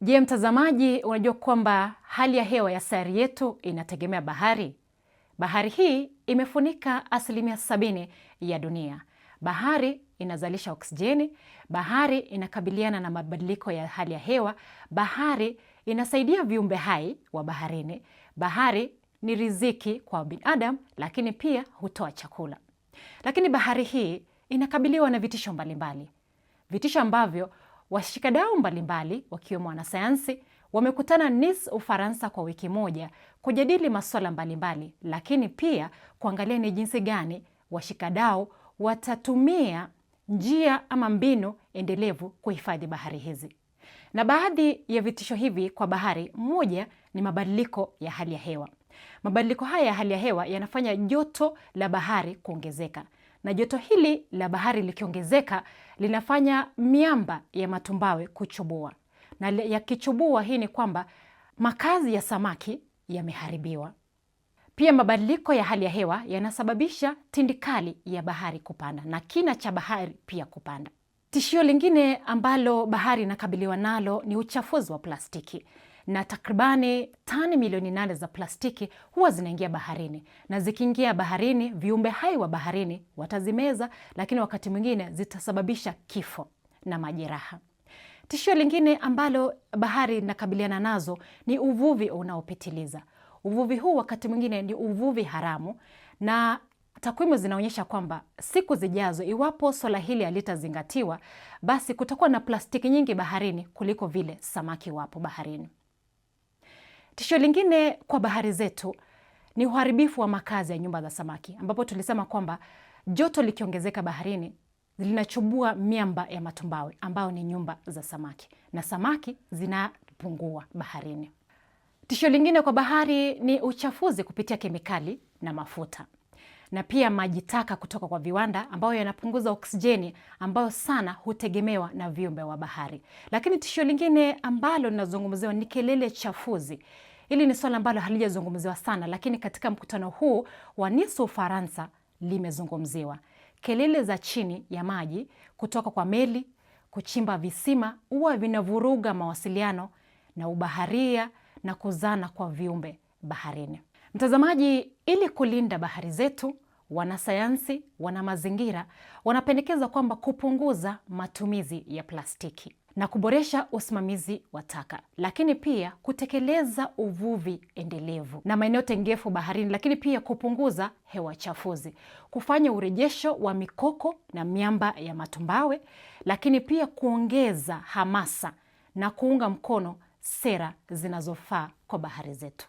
Je, mtazamaji, unajua kwamba hali ya hewa ya sayari yetu inategemea bahari? Bahari hii imefunika asilimia sabini ya dunia. Bahari inazalisha oksijeni, bahari inakabiliana na mabadiliko ya hali ya hewa, bahari inasaidia viumbe hai wa baharini, bahari ni riziki kwa binadamu, lakini pia hutoa chakula. Lakini bahari hii inakabiliwa na vitisho mbalimbali, vitisho ambavyo Washikadau mbalimbali wakiwemo wanasayansi wamekutana Nice, Ufaransa kwa wiki moja kujadili masuala mbalimbali, lakini pia kuangalia ni jinsi gani washikadau watatumia njia ama mbinu endelevu kuhifadhi bahari hizi. Na baadhi ya vitisho hivi kwa bahari, moja ni mabadiliko ya hali ya hewa. Mabadiliko haya ya hali ya hewa yanafanya joto la bahari kuongezeka na joto hili la bahari likiongezeka linafanya miamba ya matumbawe kuchubua, na yakichubua, hii ni kwamba makazi ya samaki yameharibiwa. Pia mabadiliko ya hali ya hewa yanasababisha tindikali ya bahari kupanda na kina cha bahari pia kupanda. Tishio lingine ambalo bahari inakabiliwa nalo ni uchafuzi wa plastiki na takribani tani milioni nane za plastiki huwa zinaingia baharini, na zikiingia baharini, viumbe hai wa baharini watazimeza, lakini wakati mwingine zitasababisha kifo na majeraha. Tishio lingine ambalo bahari inakabiliana nazo ni uvuvi unaopitiliza. Uvuvi huu wakati mwingine ni uvuvi haramu, na takwimu zinaonyesha kwamba siku zijazo, iwapo swala hili halitazingatiwa, basi kutakuwa na plastiki nyingi baharini kuliko vile samaki wapo baharini. Tishio lingine kwa bahari zetu ni uharibifu wa makazi ya nyumba za samaki, ambapo tulisema kwamba joto likiongezeka baharini linachubua miamba ya matumbawe ambayo ni nyumba za samaki, na samaki zinapungua baharini. Tishio lingine kwa bahari ni uchafuzi kupitia kemikali na mafuta na pia maji taka kutoka kwa viwanda ambayo yanapunguza oksijeni ambayo sana hutegemewa na viumbe wa bahari. Lakini tishio lingine ambalo linazungumziwa ni kelele chafuzi Hili ni swala ambalo halijazungumziwa sana, lakini katika mkutano huu wa Nice, Ufaransa, limezungumziwa. Kelele za chini ya maji kutoka kwa meli, kuchimba visima huwa vinavuruga mawasiliano na ubaharia na kuzana kwa viumbe baharini. Mtazamaji, ili kulinda bahari zetu, wanasayansi wana mazingira wanapendekeza kwamba kupunguza matumizi ya plastiki na kuboresha usimamizi wa taka, lakini pia kutekeleza uvuvi endelevu na maeneo tengefu baharini, lakini pia kupunguza hewa chafuzi, kufanya urejesho wa mikoko na miamba ya matumbawe, lakini pia kuongeza hamasa na kuunga mkono sera zinazofaa kwa bahari zetu.